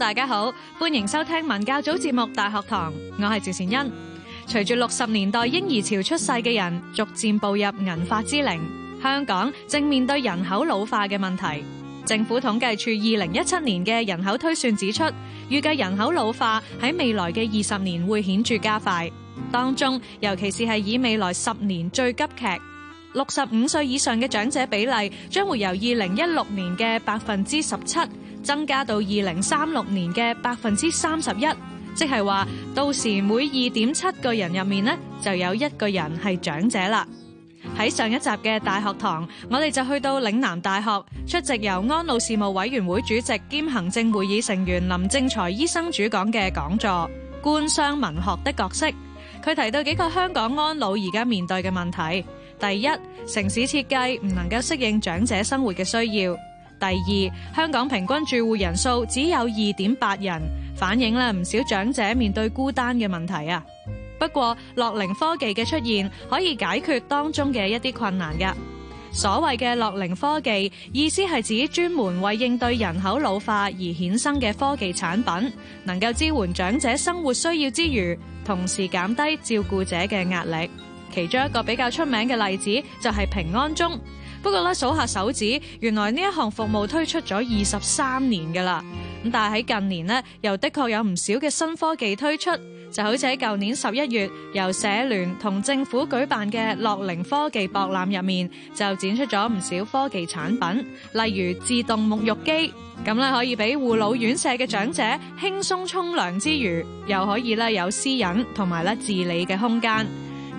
大家好，歡迎收聽文教組節目《大學堂》，我係趙善恩。隨住六十年代嬰兒潮出世嘅人逐漸步入銀髮之齡，香港正面對人口老化嘅問題。政府統計處二零一七年嘅人口推算指出，預計人口老化喺未來嘅二十年會顯著加快，當中尤其是係以未來十年最急劇。六十五歲以上嘅長者比例將會由二零一六年嘅百分之十七，增加到二零三六年嘅百分之三十一，即係話到時每二點七個人入面呢，就有一個人係長者啦。喺上一集嘅大學堂，我哋就去到嶺南大學出席由安老事務委員會主席兼行政會議成員林正財醫生主講嘅講座《官商文學的角色》。佢提到幾個香港安老而家面對嘅問題：第一，城市設計唔能夠適應長者生活嘅需要。第二，香港平均住戶人數只有二點八人，反映了唔少長者面對孤單嘅問題啊。不過，樂齡科技嘅出現可以解決當中嘅一啲困難噶。所謂嘅樂齡科技，意思係指專門為應對人口老化而衍生嘅科技產品，能夠支援長者生活需要之餘，同時減低照顧者嘅壓力。其中一個比較出名嘅例子就係平安鐘。不過咧，數下手指，原來呢一項服務推出咗二十三年㗎啦。咁但係喺近年呢，又的確有唔少嘅新科技推出。就好似喺舊年十一月，由社聯同政府舉辦嘅樂齡科技博覽入面，就展出咗唔少科技產品，例如自動沐浴機，咁咧可以俾護老院舍嘅長者輕鬆沖涼之餘，又可以咧有私隱同埋咧自理嘅空間。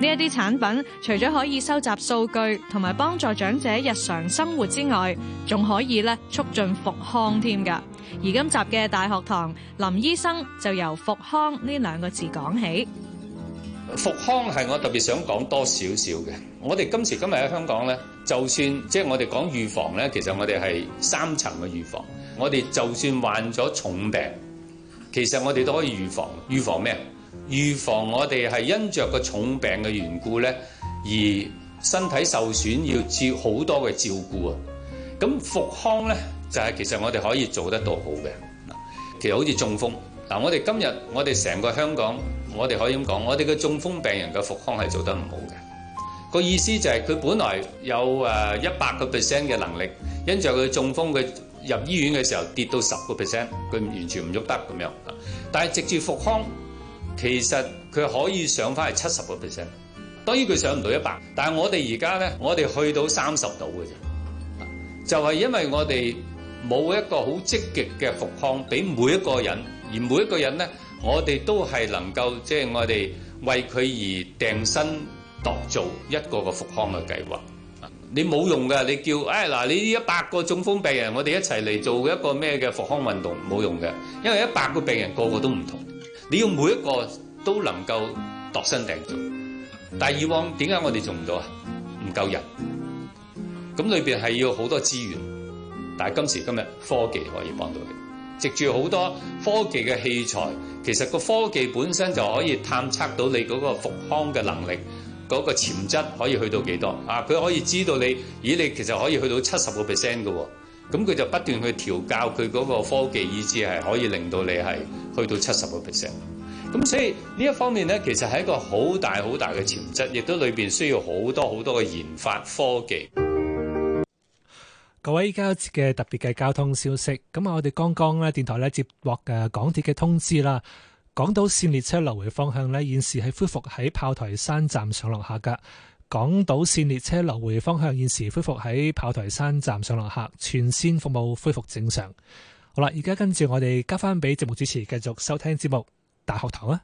呢一啲產品除咗可以收集數據同埋幫助長者日常生活之外，仲可以咧促進復康添㗎。而今集嘅大學堂林醫生就由復康呢兩個字講起。復康係我特別想講多少少嘅。我哋今時今日喺香港咧，就算即係、就是、我哋講預防咧，其實我哋係三層嘅預防。我哋就算患咗重病，其實我哋都可以預防。預防咩？預防我哋係因着個重病嘅緣故咧，而身體受損，要照好多嘅照顧啊。咁復康咧就係、是、其實我哋可以做得到好嘅。其實好似中風嗱，我哋今日我哋成個香港，我哋可以咁講，我哋嘅中風病人嘅復康係做得唔好嘅。個意思就係、是、佢本來有誒一百個 percent 嘅能力，因着佢中風佢入醫院嘅時候跌到十個 percent，佢完全唔喐得咁樣。但係藉住復康。其實佢可以上翻係七十個 percent，當然佢上唔到一百，但係我哋而家咧，我哋去到三十度嘅啫，就係因為我哋冇一個好積極嘅復康俾每一個人，而每一個人咧，我哋都係能夠即係我哋為佢而訂身度做一個個復康嘅計劃。你冇用嘅，你叫誒嗱，你呢一百個中風病人，我哋一齊嚟做一個咩嘅復康運動，冇用嘅，因為一百個病人個個都唔同。你要每一個都能夠度身訂做，但係以往點解我哋做唔到啊？唔夠人，咁裏面係要好多資源，但係今時今日科技可以幫到你，藉住好多科技嘅器材，其實個科技本身就可以探測到你嗰個復康嘅能力，嗰個潛質可以去到幾多啊？佢可以知道你，咦？你其實可以去到七十個 percent 嘅喎。咁佢就不斷去調教佢嗰個科技，以致係可以令到你係去到七十個 percent。咁所以呢一方面呢，其實係一個好大好大嘅潛質，亦都裏邊需要好多好多嘅研發科技。各位依家嘅特別嘅交通消息，咁啊，我哋剛剛咧電台咧接獲嘅港鐵嘅通知啦，港島線列車來回方向呢，現時係恢復喺炮台山站上落客㗎。港島綫列車來回方向現時恢復喺炮台山站上落客，全綫服務恢復正常。好啦，而家跟住我哋交翻俾節目主持，繼續收聽節目。大學堂啊！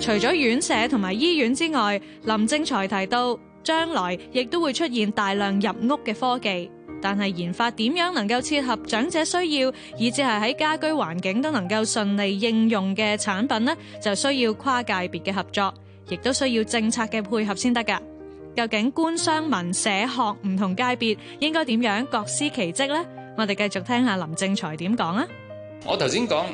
除咗院舍同埋醫院之外，林正才提到，將來亦都會出現大量入屋嘅科技，但係研發點樣能夠切合長者需要，以至係喺家居環境都能夠順利應用嘅產品呢，就需要跨界別嘅合作。亦都需要政策嘅配合先得噶。究竟官、商、民、社、學唔同界別應該點樣各司其職呢？我哋繼續聽下林正財點講啊！我頭先講，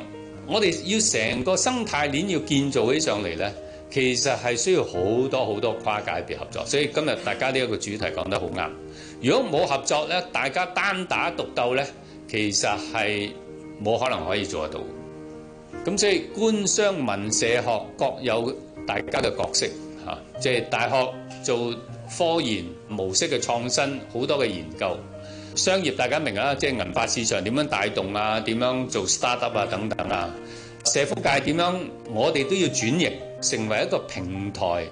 我哋要成個生態鏈要建造起上嚟咧，其實係需要好多好多跨界別合作。所以今日大家呢一個主題講得好啱。如果冇合作咧，大家單打獨鬥咧，其實係冇可能可以做得到。咁所以官、商、民、社、學各有。大家嘅角色嚇，即係大學做科研模式嘅創新，好多嘅研究，商業大家明啊，即係銀髮市場點樣帶動啊，點樣做 startup 啊等等啊，社福界點樣我哋都要轉型成為一個平台，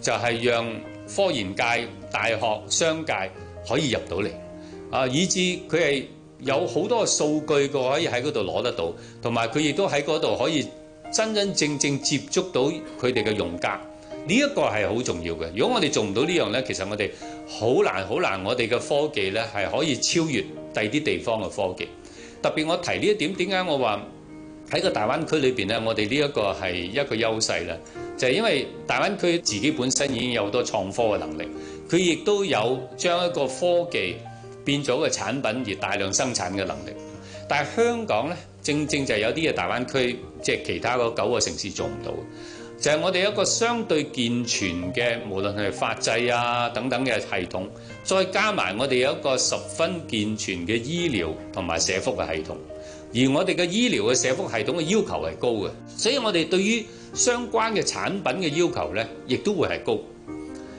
就係讓科研界、大學商界可以入到嚟啊，以致佢係有好多數據個可以喺嗰度攞得到，同埋佢亦都喺嗰度可以。真真正正接觸到佢哋嘅用家，呢、這、一個係好重要嘅。如果我哋做唔到呢樣咧，其實我哋好難好難，我哋嘅科技咧係可以超越第啲地方嘅科技。特別我提呢一點，點解我話喺個大灣區裏邊咧，我哋呢一個係一個優勢咧，就係、是、因為大灣區自己本身已經有好多創科嘅能力，佢亦都有將一個科技變咗個產品而大量生產嘅能力。但係香港咧，正正就有啲嘅大灣區即係其他九個城市做唔到，就係、是、我哋一個相對健全嘅，無論係法制啊等等嘅系統，再加埋我哋有一個十分健全嘅醫療同埋社福嘅系統。而我哋嘅醫療嘅社福系統嘅要求係高嘅，所以我哋對於相關嘅產品嘅要求咧，亦都會係高。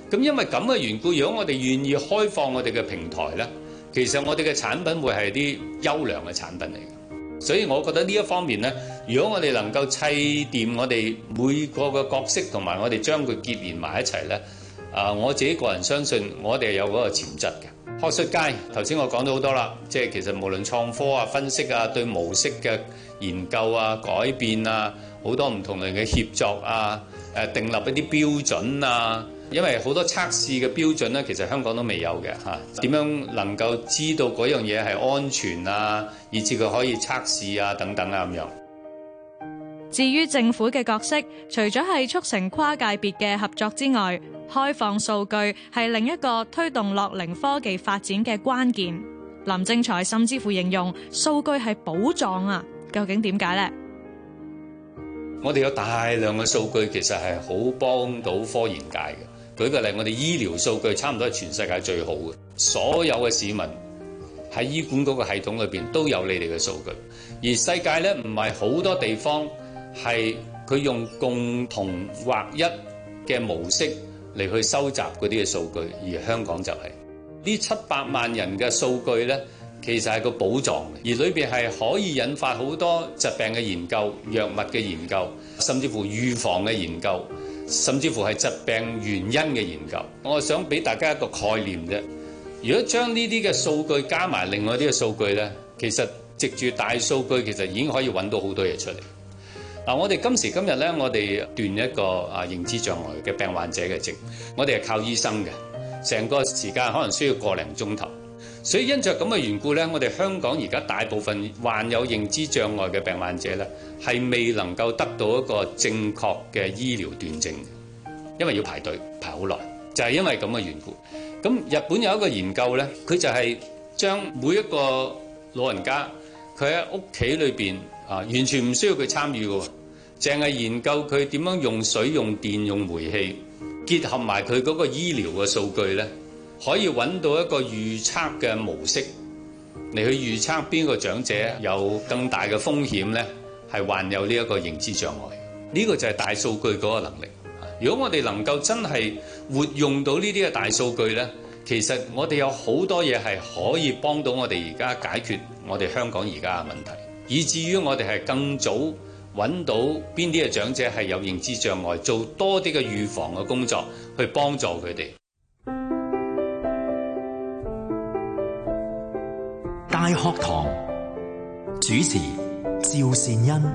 咁因為咁嘅緣故，如果我哋願意開放我哋嘅平台咧。其實我哋嘅產品會係啲優良嘅產品嚟嘅，所以我覺得呢一方面呢，如果我哋能夠砌掂我哋每個嘅角色，同埋我哋將佢結連埋一齊呢啊，我自己個人相信我哋有嗰個潛質嘅。學術界頭先我講咗好多啦，即係其實無論創科啊、分析啊、對模式嘅研究啊、改變啊，好多唔同人嘅協作啊、誒定立一啲標準啊。因為好多測試嘅標準咧，其實香港都未有嘅嚇。點樣能夠知道嗰樣嘢係安全啊，以至佢可以測試啊等等啊咁樣。至於政府嘅角色，除咗係促成跨界別嘅合作之外，開放數據係另一個推動樂齡科技發展嘅關鍵。林正財甚至乎形容數據係寶藏啊！究竟點解呢？我哋有大量嘅數據，其實係好幫到科研界嘅。舉個例，我哋醫療數據差唔多係全世界最好嘅，所有嘅市民喺醫管局嘅系統裏面都有你哋嘅數據。而世界呢，唔係好多地方係佢用共同劃一嘅模式嚟去收集嗰啲嘅數據，而香港就係呢七百萬人嘅數據呢，其實係個寶藏，而裏面係可以引發好多疾病嘅研究、藥物嘅研究，甚至乎預防嘅研究。甚至乎係疾病原因嘅研究，我想俾大家一個概念啫。如果將呢啲嘅數據加埋另外啲嘅數據呢，其實藉住大數據，其實已經可以揾到好多嘢出嚟。嗱，我哋今時今日呢，我哋斷一個啊認知障礙嘅病患者嘅症，我哋係靠醫生嘅，成個時間可能需要個零鐘頭。所以因着咁嘅緣故咧，我哋香港而家大部分患有認知障礙嘅病患者咧，係未能夠得到一個正確嘅醫療斷症的，因為要排隊排好耐，就係、是、因為咁嘅緣故。咁日本有一個研究咧，佢就係將每一個老人家，佢喺屋企裏邊啊，完全唔需要佢參與嘅，淨係研究佢點樣用水、用電、用煤氣，結合埋佢嗰個醫療嘅數據咧，可以揾到一個預測嘅模式，嚟去預測邊個長者有更大嘅風險咧，係患有呢一個認知障礙。呢個就係大數據嗰個能力。如果我哋能夠真係活用到呢啲嘅大數據咧，其實我哋有好多嘢係可以幫到我哋而家解決我哋香港而家嘅問題，以至於我哋係更早揾到邊啲嘅長者係有認知障礙，做多啲嘅預防嘅工作，去幫助佢哋。大課堂主持趙善恩。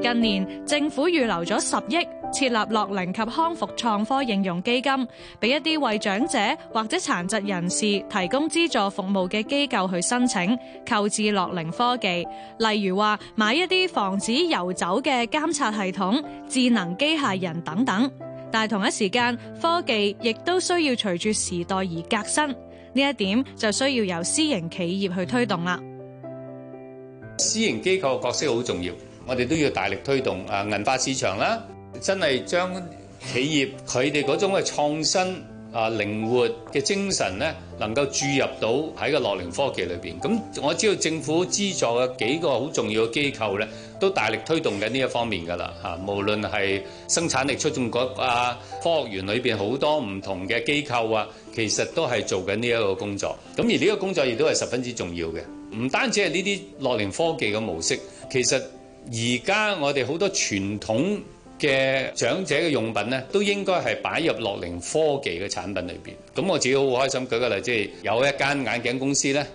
近年政府預留咗十億設立樂齡及康復創科應用基金，俾一啲為長者或者殘疾人士提供資助服務嘅機構去申請購置樂齡科技，例如話買一啲防止遊走嘅監察系統、智能機械人等等。但同一時間，科技亦都需要隨住時代而革新，呢一點就需要由私營企業去推動啦。私營機構嘅角色好重要，我哋都要大力推動啊，銀發市場啦，真係將企業佢哋嗰種嘅創新啊、靈活嘅精神咧，能夠注入到喺個樂齡科技裏面。咁我知道政府資助嘅幾個好重要嘅機構咧。都大力推動緊呢一方面嘅啦，嚇，無論係生產力促進局啊、科學園裏邊好多唔同嘅機構啊，其實都係做緊呢一個工作。咁而呢個工作亦都係十分之重要嘅，唔單止係呢啲樂齡科技嘅模式，其實而家我哋好多傳統嘅長者嘅用品呢，都應該係擺入樂齡科技嘅產品裏邊。咁我自己好開心，舉個例，即係有一間眼鏡公司呢，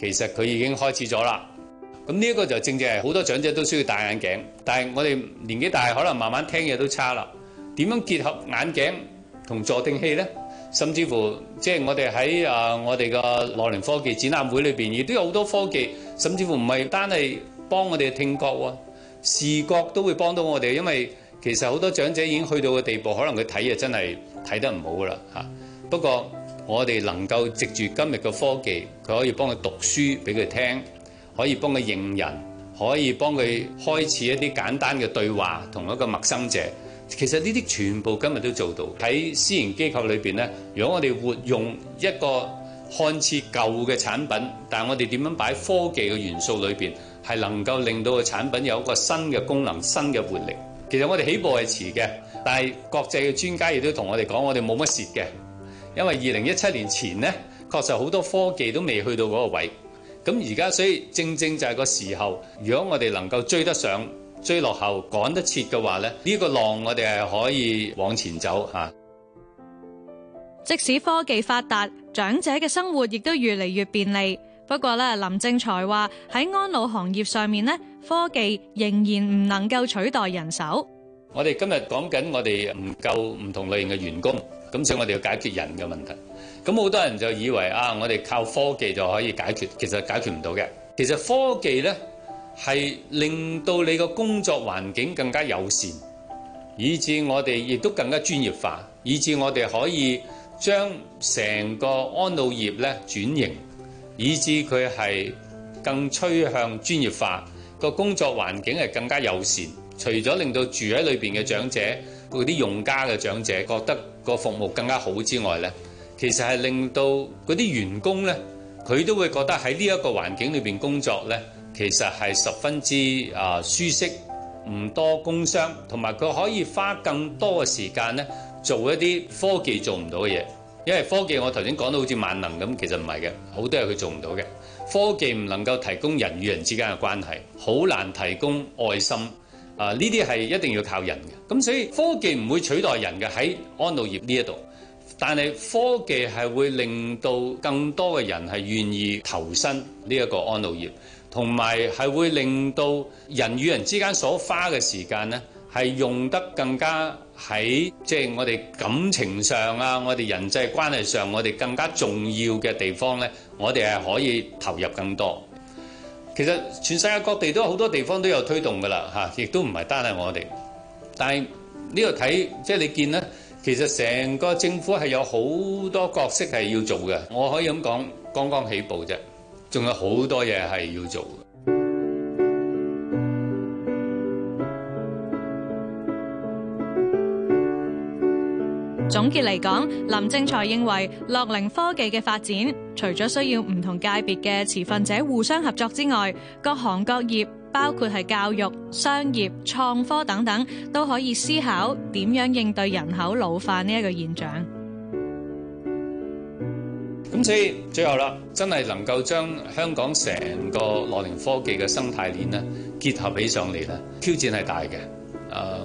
其實佢已經開始咗啦。咁呢一個就正正係好多長者都需要戴眼鏡，但係我哋年紀大，可能慢慢聽嘢都差啦。點樣結合眼鏡同助聽器呢？甚至乎即係、就是、我哋喺啊我哋個樂齡科技展覽會裏邊，亦都有好多科技，甚至乎唔係單係幫我哋聽覺喎，視覺都會幫到我哋。因為其實好多長者已經去到個地步，可能佢睇嘢真係睇得唔好噶啦嚇。不過我哋能夠藉住今日嘅科技，佢可以幫佢讀書俾佢聽。可以幫佢認人，可以幫佢開始一啲簡單嘅對話，同一個陌生者。其實呢啲全部今日都做到。喺私營機構裏面，呢如果我哋活用一個看似舊嘅產品，但係我哋點樣擺科技嘅元素裏面，係能夠令到個產品有一個新嘅功能、新嘅活力。其實我哋起步係遲嘅，但係國際嘅專家亦都同我哋講，我哋冇乜蝕嘅，因為二零一七年前呢，確實好多科技都未去到嗰個位。咁而家所以正正就係個時候，如果我哋能夠追得上，追落後、趕得切嘅話咧，呢、這個浪我哋係可以往前走吓，啊，即使科技發達，長者嘅生活亦都越嚟越便利。不過咧，林正才話喺安老行業上面咧，科技仍然唔能夠取代人手。我哋今日講緊，我哋唔夠唔同類型嘅員工。咁所以我哋要解決人嘅問題。咁好多人就以為啊，我哋靠科技就可以解決，其實解決唔到嘅。其實科技呢，係令到你個工作環境更加友善，以至我哋亦都更加專業化，以至我哋可以將成個安老業呢轉型，以至佢係更趨向專業化。個工作環境係更加友善，除咗令到住喺裏面嘅長者，嗰啲用家嘅長者覺得個服務更加好之外呢，其實係令到嗰啲員工呢，佢都會覺得喺呢一個環境裏邊工作呢，其實係十分之啊舒適，唔多工傷，同埋佢可以花更多嘅時間呢做一啲科技做唔到嘅嘢。因為科技我頭先講到好似萬能咁，其實唔係嘅，好多嘢佢做唔到嘅。科技唔能夠提供人與人之間嘅關係，好難提供愛心。啊！呢啲係一定要靠人嘅，咁所以科技唔會取代人嘅喺安老業呢一度，但係科技係會令到更多嘅人係願意投身呢一個安老業，同埋係會令到人與人之間所花嘅時間呢，係用得更加喺即係我哋感情上啊，我哋人際關係上，我哋更加重要嘅地方呢，我哋係可以投入更多。其實全世界各地都好多地方都有推動㗎啦，嚇，亦都唔係單係我哋。但係、就是、呢度睇，即係你見咧，其實成個政府係有好多角色係要做嘅。我可以咁講，剛剛起步啫，仲有好多嘢係要做。總結嚟講，林正財認為樂齡科技嘅發展。除咗需要唔同界別嘅持份者互相合作之外，各行各業包括係教育、商業、創科等等，都可以思考點樣應對人口老化呢一個現象。咁所以最後啦，真係能夠將香港成個樂齡科技嘅生態鏈咧結合起上嚟咧，挑戰係大嘅。誒，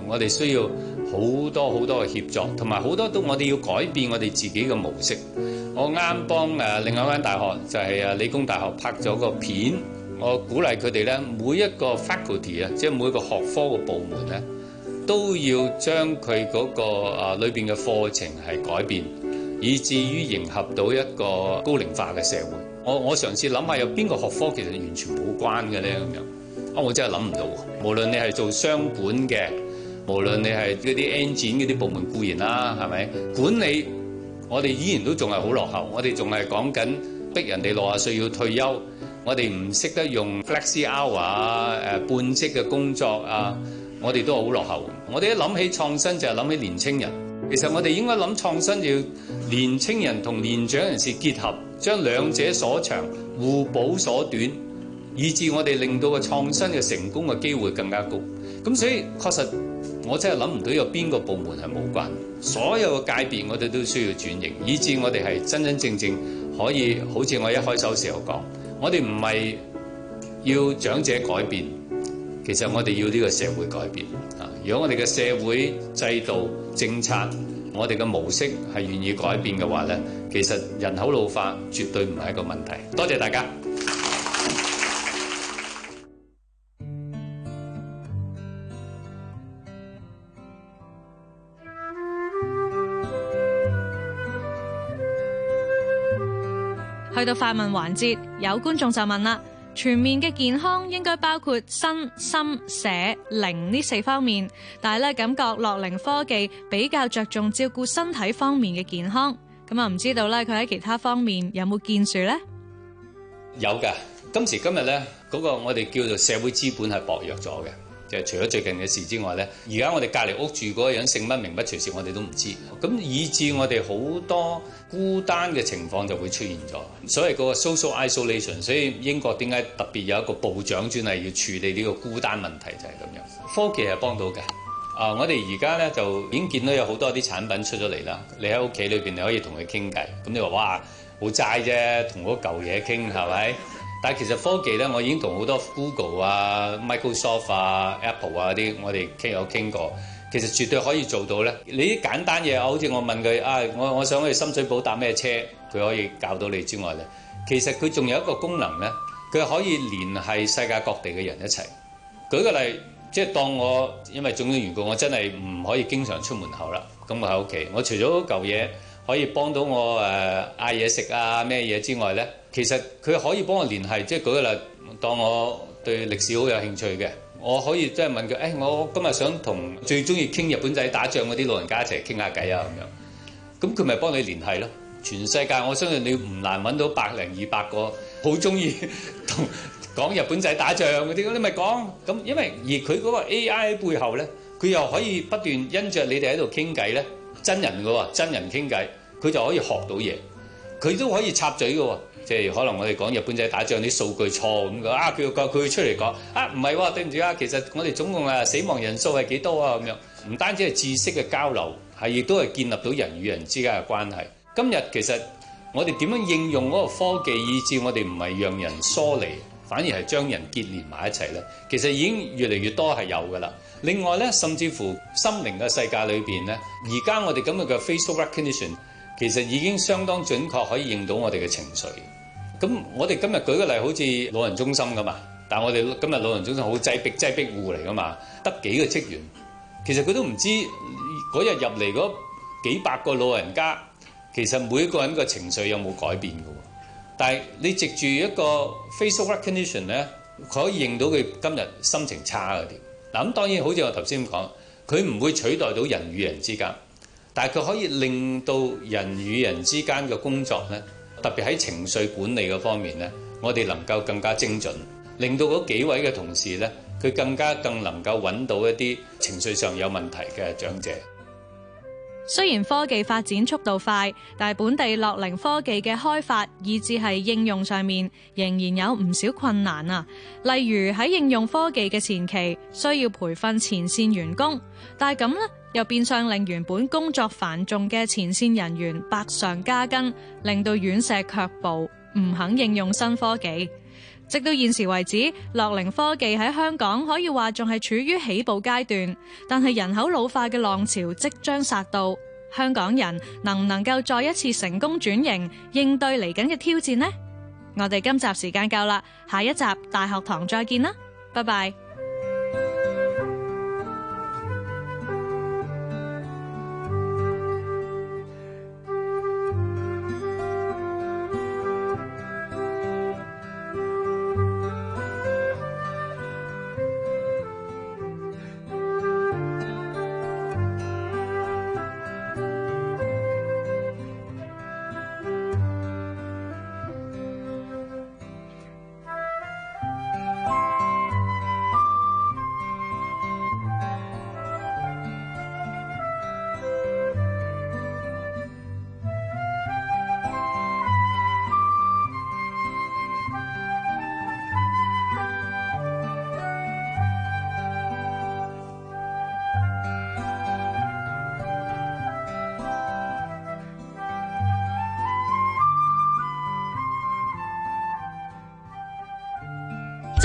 我哋需要。好多好多嘅協作，同埋好多都我哋要改變我哋自己嘅模式。我啱幫誒另外一間大學就係誒啊理工大學拍咗個片，我鼓勵佢哋咧每一個 faculty 啊，即係每一個學科嘅部門咧，都要將佢嗰個啊裏邊嘅課程係改變，以至於迎合到一個高齡化嘅社會。我我嘗試諗下有邊個學科其實完全冇關嘅咧咁樣啊，我真係諗唔到。無論你係做商管嘅。無論你係嗰啲 engine 嗰啲部門固然啦，係咪管理？我哋依然都仲係好落後，我哋仲係講緊逼人哋六十歲要退休，我哋唔識得用 flexi hour 啊，誒半職嘅工作啊，我哋都好落後。我哋一諗起創新就係諗起年青人。其實我哋應該諗創新要年青人同年長人士結合，將兩者所長互補所短，以至我哋令到個創新嘅成功嘅機會更加高。咁所以確實。我真係諗唔到有邊個部門係無關的，所有嘅界別我哋都需要轉型，以致我哋係真真正正可以好似我一開首時候講，我哋唔係要長者改變，其實我哋要呢個社會改變。啊，如果我哋嘅社會制度、政策、我哋嘅模式係願意改變嘅話呢，其實人口老化絕對唔係一個問題。多謝大家。到快問環節，有觀眾就問啦：全面嘅健康應該包括身心社靈呢四方面，但係咧感覺樂齡科技比較着重照顧身體方面嘅健康，咁啊唔知道咧佢喺其他方面有冇建樹呢？有嘅，今時今日咧嗰、那個我哋叫做社會資本係薄弱咗嘅。除咗最近嘅事之外咧，而家我哋隔離屋住嗰個人姓乜名乜，隨時我哋都唔知，咁以致我哋好多孤單嘅情況就會出現咗。所謂嗰個 social isolation，所以英國點解特別有一個部長專係要處理呢個孤單問題就係咁樣。科技係幫到㗎。啊，我哋而家咧就已經見到有好多啲產品出咗嚟啦。你喺屋企裏邊，你可以同佢傾偈。咁你話哇，好齋啫，同嗰嚿嘢傾係咪？是但其實科技咧，我已經同好多 Google 啊、Microsoft 啊、Apple 啊嗰啲，我哋傾有傾過，其實絕對可以做到咧。你啲簡單嘢，好似我問佢啊，我我想去深水埗搭咩車，佢可以教到你之外咧，其實佢仲有一個功能咧，佢可以連係世界各地嘅人一齊。舉個例，即係當我因為種種緣故，我係員工，我真係唔可以經常出門口啦，咁我喺屋企，我除咗舊嘢，可以幫到我誒嗌嘢食啊咩嘢之外呢？其實佢可以幫我聯繫。即係舉個例，當我對歷史好有興趣嘅，我可以即係問佢：誒，我今日想同最中意傾日本仔打仗嗰啲老人家一齊傾下偈啊咁樣。咁佢咪幫你聯繫咯。全世界我相信你唔難揾到百零二百個好中意同講日本仔打仗嗰啲。你咪講。咁因為而佢嗰個 AI 背後呢，佢又可以不斷因着你哋喺度傾偈呢。真人嘅喎，真人傾偈，佢就可以學到嘢，佢都可以插嘴嘅喎，即係可能我哋講日本仔打仗啲數據錯咁嘅，啊佢又講，佢出嚟講，啊唔係喎，對唔住啊，其實我哋總共啊死亡人數係幾多啊咁樣，唔單止係知識嘅交流，係亦都係建立到人與人之間嘅關係。今日其實我哋點樣應用嗰個科技，以致，我哋唔係讓人疏離。反而係將人結連埋一齊啦。其實已經越嚟越多係有噶啦。另外咧，甚至乎心靈嘅世界裏面咧，而家我哋今日嘅 facial recognition 其實已經相當準確，可以認到我哋嘅情緒。咁我哋今日舉個例子，好似老人中心噶嘛。但係我哋今日老人中心好擠逼擠逼戶嚟噶嘛，得幾個職員，其實佢都唔知嗰日入嚟嗰幾百個老人家，其實每個人嘅情緒有冇改變噶喎。但係你藉住一個 face recognition 咧，佢可以認到佢今日心情差嗰啲。嗱，咁當然好似我頭先咁講，佢唔會取代到人與人之間，但係佢可以令到人與人之間嘅工作咧，特別喺情緒管理嘅方面咧，我哋能夠更加精準，令到嗰幾位嘅同事咧，佢更加更能夠揾到一啲情緒上有問題嘅長者。雖然科技發展速度快，但係本地樂齡科技嘅開發，以至係應用上面仍然有唔少困難啊。例如喺應用科技嘅前期，需要培訓前線員工，但係咁呢又變相令原本工作繁重嘅前線人員百上加斤，令到院舍卻步，唔肯應用新科技。直到現時為止，樂齡科技喺香港可以話仲係處於起步階段，但係人口老化嘅浪潮即將殺到，香港人能唔能夠再一次成功轉型，應對嚟緊嘅挑戰呢？我哋今集時間夠啦，下一集大學堂再見啦，拜拜。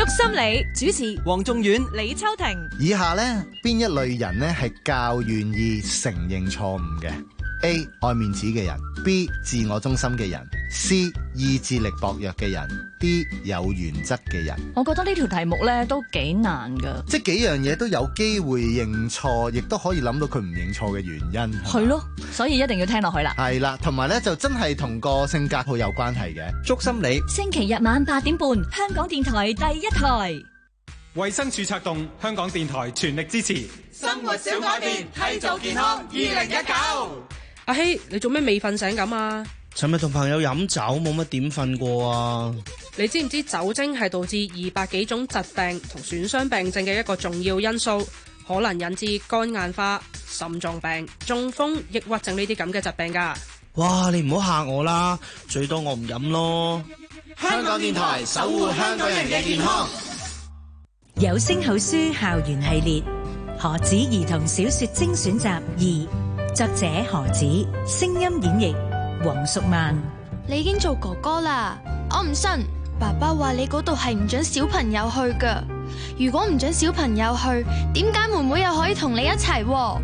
祝心理主持，黃仲遠、李秋婷。以下咧，邊一類人咧，係較願意承認錯誤嘅？A 愛面子嘅人，B 自我中心嘅人，C，意志力薄弱嘅人，啲有原則嘅人，我覺得呢條題目呢都幾難噶。即係幾樣嘢都有機會認錯，亦都可以諗到佢唔認錯嘅原因。係咯，所以一定要聽落去啦。係啦，同埋呢就真係同個性格好有關係嘅。祝心理星期日晚八點半，香港電台第一台。衞生署策動，香港電台全力支持。生活小改變，締造健康。二零一九。阿希，你做咩未瞓醒咁啊？尋日同朋友飲酒，冇乜點瞓過啊！你知唔知酒精係導致二百幾種疾病同損傷病症嘅一個重要因素，可能引致肝硬化、心臟病、中風、抑鬱症呢啲咁嘅疾病噶？哇！你唔好嚇我啦，最多我唔飲咯。香港電台守護香港人嘅健康，有聲好書校園系列《何子兒童小說精選集二》，作者何子，聲音演繹。黃淑曼，你已經做哥哥啦，我唔信。爸爸話你嗰度係唔准小朋友去噶，如果唔准小朋友去，點解妹妹又可以同你一齊？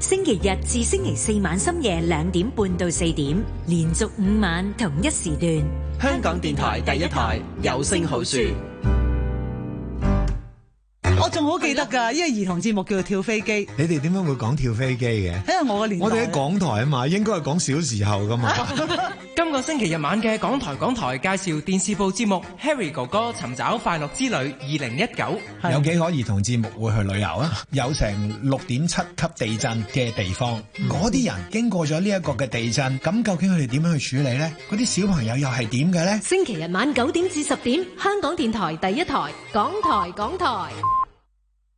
星期日至星期四晚深夜兩點半到四點，連續五晚同一時段，香港電台第一台有聲好書。我好記得㗎，因為兒童節目叫做跳飛機。你哋點樣會講跳飛機嘅？因為我嘅年我哋喺港台啊嘛，應該係講小時候㗎嘛。 今個星期日晚嘅港台，港台介紹電視部節目《Harry 哥哥尋找快樂之旅》二零一九。有幾可兒童節目會去旅遊啊？ 有成六點七級地震嘅地方，嗰啲人經過咗呢一個嘅地震，咁究竟佢哋點樣去處理呢？嗰啲小朋友又係點嘅呢？星期日晚九點至十點，香港電台第一台，港台，港台。